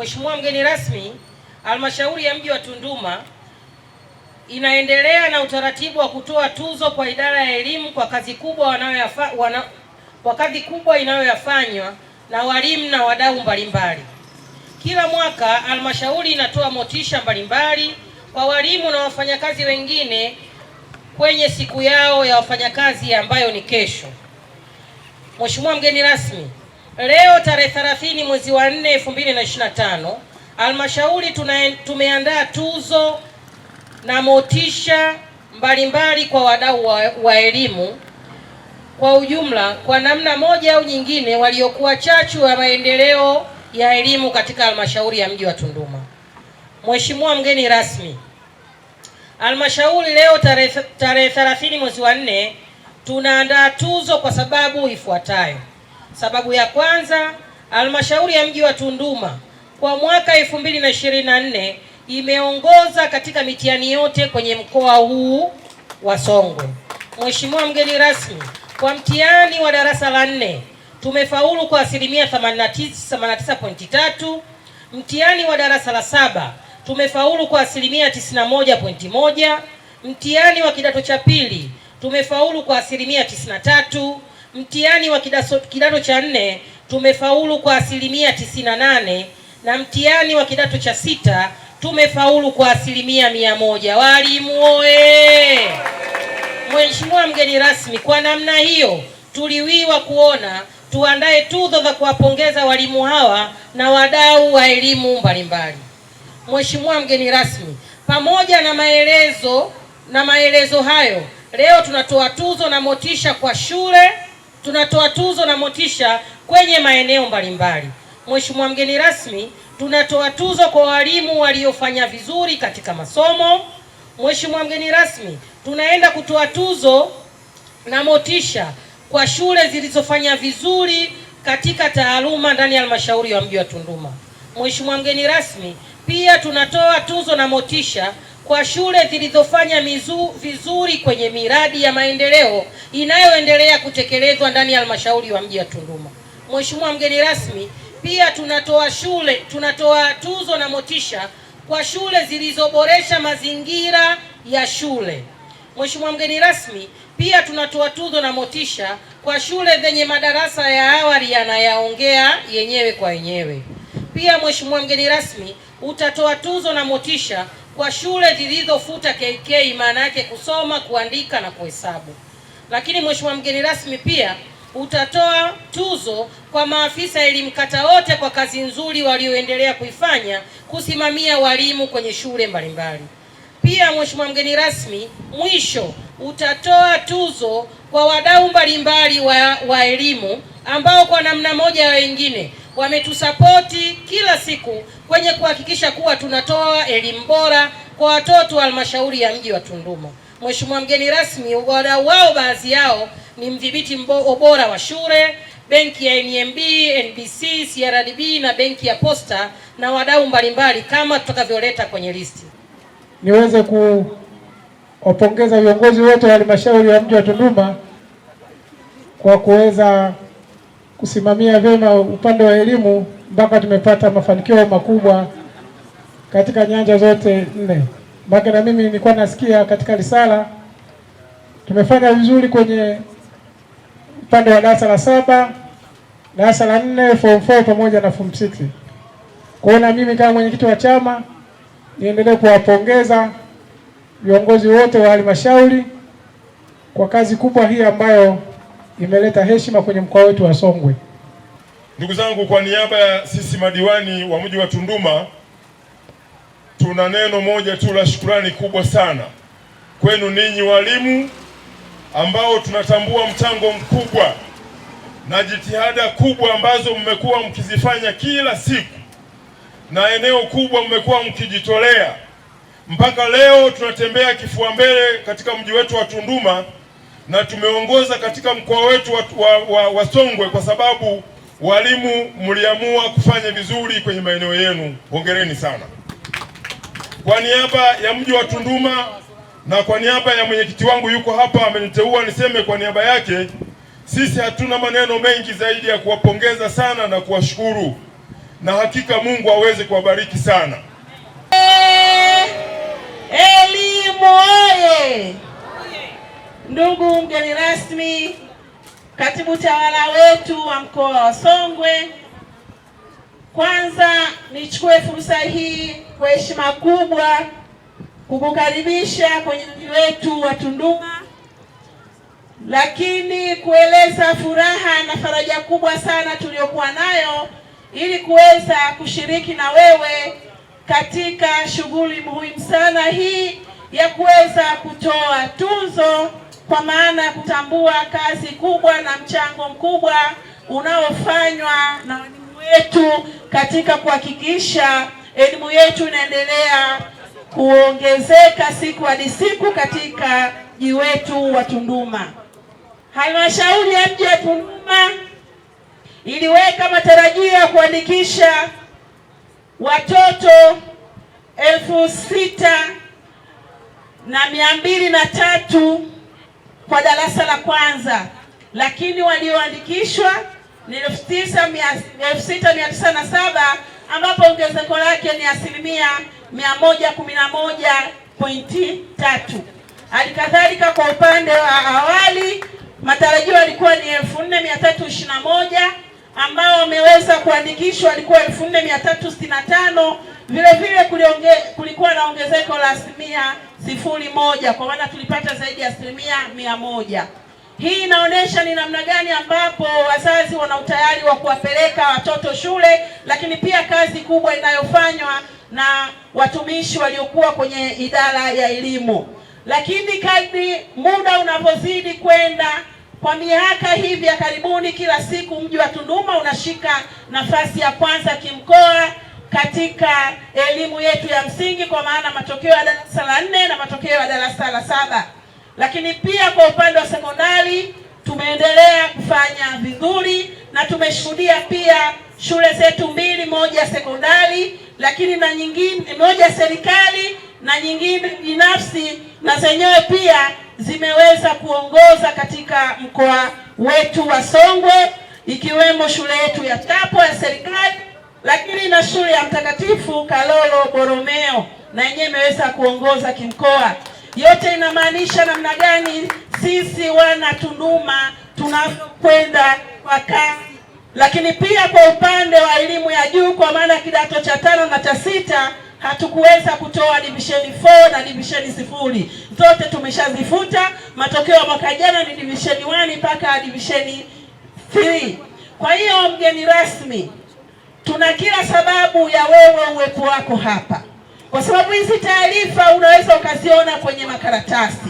Mheshimiwa mgeni rasmi, halmashauri ya mji wa Tunduma inaendelea na utaratibu wa kutoa tuzo kwa idara ya elimu kwa kazi kubwa wanayoyafa, wana, kwa kazi kubwa inayoyafanywa na walimu na wadau mbalimbali. Kila mwaka halmashauri inatoa motisha mbalimbali kwa walimu na wafanyakazi wengine kwenye siku yao ya wafanyakazi ambayo ni kesho. Mheshimiwa mgeni rasmi Leo tarehe 30 mwezi wa 4 2025, halmashauri tumeandaa tuzo na motisha mbalimbali kwa wadau wa, wa elimu kwa ujumla kwa namna moja au nyingine waliokuwa chachu ya maendeleo ya elimu katika halmashauri ya mji wa Tunduma. Mheshimiwa mgeni rasmi, halmashauri leo tarehe 30 mwezi wa 4 tunaandaa tuzo kwa sababu ifuatayo. Sababu ya kwanza, halmashauri ya mji wa Tunduma kwa mwaka 2024 imeongoza katika mitihani yote kwenye mkoa huu wa Songwe. Mheshimiwa mgeni rasmi, kwa mtihani wa darasa la nne tumefaulu kwa asilimia 89.3. Mtihani wa darasa la saba tumefaulu kwa asilimia 91.1. Mtihani wa kidato cha pili tumefaulu kwa asilimia 93 mtihani wa kidato cha nne tumefaulu kwa asilimia nane na mtihani wa kidato cha sita tumefaulu kwa asilimia mia moja. Walimu oye! Mheshimiwa mgeni rasmi, kwa namna hiyo tuliwiwa kuona tuandae tuzo za kuwapongeza walimu hawa na wadau wa elimu mbalimbali. Mheshimiwa mgeni rasmi, pamoja na maelezo na maelezo hayo, leo tunatoa tuzo na motisha kwa shule tunatoa tuzo na motisha kwenye maeneo mbalimbali. Mheshimiwa mgeni rasmi, tunatoa tuzo kwa walimu waliofanya vizuri katika masomo. Mheshimiwa mgeni rasmi, tunaenda kutoa tuzo na motisha kwa shule zilizofanya vizuri katika taaluma ndani ya halmashauri ya mji wa Tunduma. Mheshimiwa mgeni rasmi, pia tunatoa tuzo na motisha kwa shule zilizofanya vizuri kwenye miradi ya maendeleo inayoendelea kutekelezwa ndani ya halmashauri ya mji wa Tunduma. Mheshimiwa mgeni rasmi, pia tunatoa shule tunatoa tuzo na motisha kwa shule zilizoboresha mazingira ya shule. Mheshimiwa mgeni rasmi, pia tunatoa tuzo na motisha kwa shule zenye madarasa ya awali yanayaongea yenyewe kwa yenyewe. Pia Mheshimiwa mgeni rasmi, utatoa tuzo na motisha kwa shule zilizofuta KK, maana yake kusoma, kuandika na kuhesabu. Lakini Mheshimiwa mgeni rasmi, pia utatoa tuzo kwa maafisa elimu kata wote kwa kazi nzuri walioendelea kuifanya kusimamia walimu kwenye shule mbalimbali. Pia Mheshimiwa mgeni rasmi, mwisho utatoa tuzo kwa wadau mbalimbali wa, wa elimu ambao kwa namna moja au nyingine wametusapoti kila siku kwenye kuhakikisha kuwa tunatoa elimu bora kwa watoto wa halmashauri ya mji wa Tunduma. Mheshimiwa mgeni rasmi, wadau wao baadhi yao ni mdhibiti ubora wa shule, benki ya NMB, e NBC, CRDB na benki ya Posta na wadau mbalimbali kama tutakavyoleta kwenye listi. Niweze kuwapongeza viongozi wote wa halmashauri ya mji wa Tunduma kwa kuweza kusimamia vyema upande wa elimu mpaka tumepata mafanikio makubwa katika nyanja zote nne. Mpaka na mimi nilikuwa nasikia katika risala tumefanya vizuri kwenye upande wa darasa la saba, darasa la nne, form 4 pamoja na form 6. Kwa hiyo na mimi kama mwenyekiti wa chama niendelee kuwapongeza viongozi wote wa halmashauri kwa kazi kubwa hii ambayo imeleta heshima kwenye mkoa wetu wa Songwe. Ndugu zangu, kwa niaba ya sisi madiwani wa mji wa Tunduma, tuna neno moja tu la shukurani kubwa sana kwenu ninyi walimu, ambao tunatambua mchango mkubwa na jitihada kubwa ambazo mmekuwa mkizifanya kila siku na eneo kubwa mmekuwa mkijitolea mpaka leo tunatembea kifua mbele katika mji wetu wa Tunduma na tumeongoza katika mkoa wetu wa, wa, wa, wa Songwe kwa sababu walimu mliamua kufanya vizuri kwenye maeneo yenu. Hongereni sana. Kwa niaba ya mji wa Tunduma na kwa niaba ya mwenyekiti wangu yuko hapa ameniteua niseme kwa niaba yake, sisi hatuna maneno mengi zaidi ya kuwapongeza sana na kuwashukuru, na hakika Mungu aweze kuwabariki sana. Eh, elimu oye! Ndugu mgeni rasmi, katibu tawala wetu wa mkoa wa Songwe, kwanza nichukue fursa hii kwa heshima kubwa kukukaribisha kwenye mji wetu wa Tunduma, lakini kueleza furaha na faraja kubwa sana tuliyokuwa nayo ili kuweza kushiriki na wewe katika shughuli muhimu sana hii ya kuweza kutoa tuzo kwa maana ya kutambua kazi kubwa na mchango mkubwa unaofanywa na walimu wetu katika kuhakikisha elimu yetu inaendelea kuongezeka siku hadi siku katika mji wetu wa Tunduma. Halmashauri ya mji wa Tunduma iliweka matarajio ya kuandikisha watoto elfu sita na mia mbili na tatu kwa darasa la kwanza, lakini walioandikishwa ni elfu sita mia tisa na saba ambapo ongezeko lake ni asilimia mia moja kumi na moja pointi tatu. Halikadhalika, kwa upande wa awali matarajio yalikuwa ni elfu nne mia tatu ishirini na moja ambao wameweza kuandikishwa walikuwa elfu nne mia tatu sitini na tano. Vile vile kulikuwa na ongezeko la asilimia sifuri moja, kwa maana tulipata zaidi ya asilimia mia moja. Hii inaonyesha ni namna gani ambapo wazazi wana utayari wa kuwapeleka watoto shule, lakini pia kazi kubwa inayofanywa na watumishi waliokuwa kwenye idara ya elimu. Lakini kadri muda unavyozidi kwenda, kwa miaka hivi ya karibuni, kila siku mji wa Tunduma unashika nafasi ya kwanza kimkoa katika elimu yetu ya msingi kwa maana matokeo ya darasa la nne na matokeo ya darasa la saba. Lakini pia kwa upande wa sekondari tumeendelea kufanya vizuri na tumeshuhudia pia shule zetu mbili, moja sekondari lakini na nyingine moja serikali na nyingine binafsi, na zenyewe pia zimeweza kuongoza katika mkoa wetu wa Songwe, ikiwemo shule yetu ya Tapo ya serikali lakini na shule ya Mtakatifu Kalolo Boromeo na yenyewe imeweza kuongoza kimkoa. Yote inamaanisha namna gani sisi wana Tunduma tunavyokwenda kwa kasi, lakini pia kwa upande wa elimu ya juu, kwa maana kidato cha tano na cha sita hatukuweza kutoa divisheni 4 na divisheni sifuri, zote tumeshazifuta. Matokeo ya mwaka jana ni divisheni 1 mpaka divisheni 3. Kwa hiyo mgeni rasmi Tuna kila sababu ya wewe uwepo wako hapa, kwa sababu hizi taarifa unaweza ukaziona kwenye makaratasi,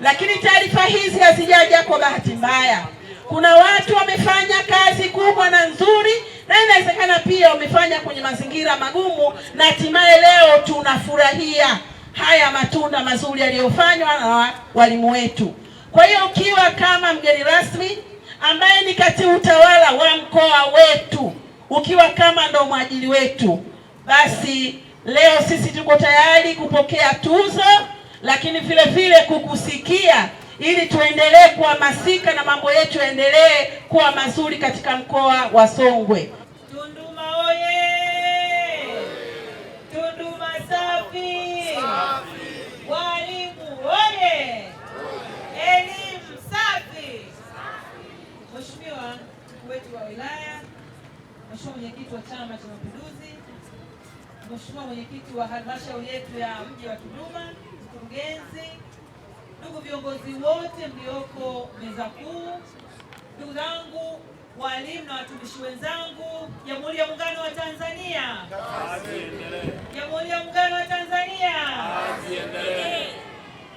lakini taarifa hizi hazijaja kwa bahati mbaya. Kuna watu wamefanya kazi kubwa na nzuri, na inawezekana pia wamefanya kwenye mazingira magumu, na hatimaye leo tunafurahia haya matunda mazuri yaliyofanywa na walimu wetu. Kwa hiyo ukiwa kama mgeni rasmi ambaye ni kati utawala wa mkoa wetu ukiwa kama ndo mwajili wetu, basi leo sisi tuko tayari kupokea tuzo, lakini vile vile kukusikia ili tuendelee kuhamasika na mambo yetu yaendelee kuwa mazuri katika mkoa wa Songwe. Tunduma oye! Tunduma safi! Walimu oye! Elimu safi! Mheshimiwa mkuu wetu wa wilaya Mheshimiwa mwenyekiti wa Chama cha Mapinduzi, Mheshimiwa mwenyekiti wa halmashauri yetu ya mji wa Kiduma, mkurugenzi, ndugu viongozi wote mlioko meza kuu, ndugu zangu walimu na watumishi wenzangu, Jamhuri ya Muungano wa Tanzania, Jamhuri ya Muungano wa Tanzania.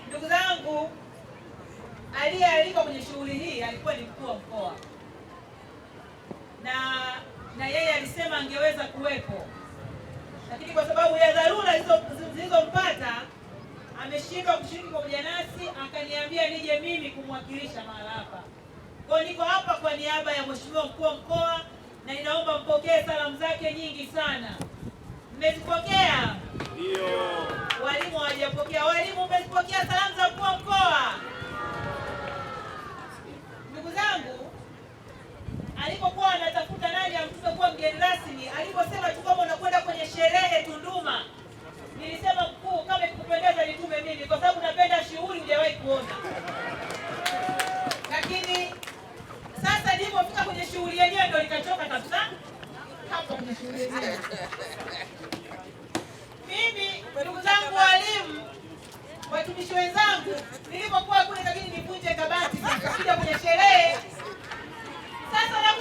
Ndugu zangu, aliyealikwa kwenye shughuli hii alikuwa ni mkuu wa mkoa na na yeye alisema angeweza kuwepo, lakini kwa sababu ya dharura zilizompata ameshindwa kushiriki pamoja nasi, akaniambia nije mimi kumwakilisha mahala hapa. Kwa niko hapa kwa niaba ya Mheshimiwa mkuu wa mkoa, na ninaomba mpokee salamu zake nyingi sana. Mmezipokea? Ndio. Walimu hawajapokea. Walimu mmezipokea salamu za mkuu wa mkoa? Ndugu zangu alipokuwa anatafuta nani amtume kuwa mgeni rasmi, aliposema tukomo nakwenda kwenye sherehe Tunduma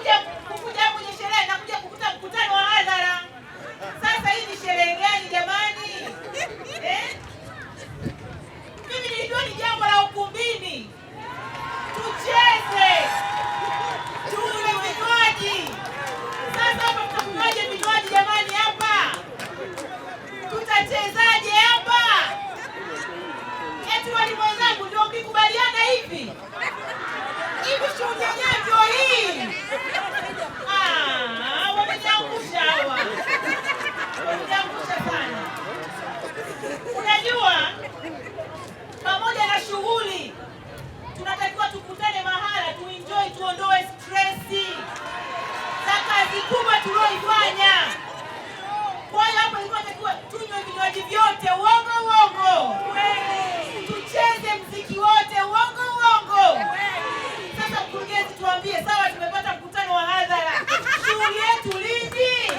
step tuliyoifanya. Kwa hiyo hapo ilikuwa takiwa tunywe vinywaji vyote, uongo uongo, tucheze mziki wote, uongo uongo. Sasa mkurugenzi, tuambie sawa, tumepata mkutano wa hadhara, shughuli yetu lini?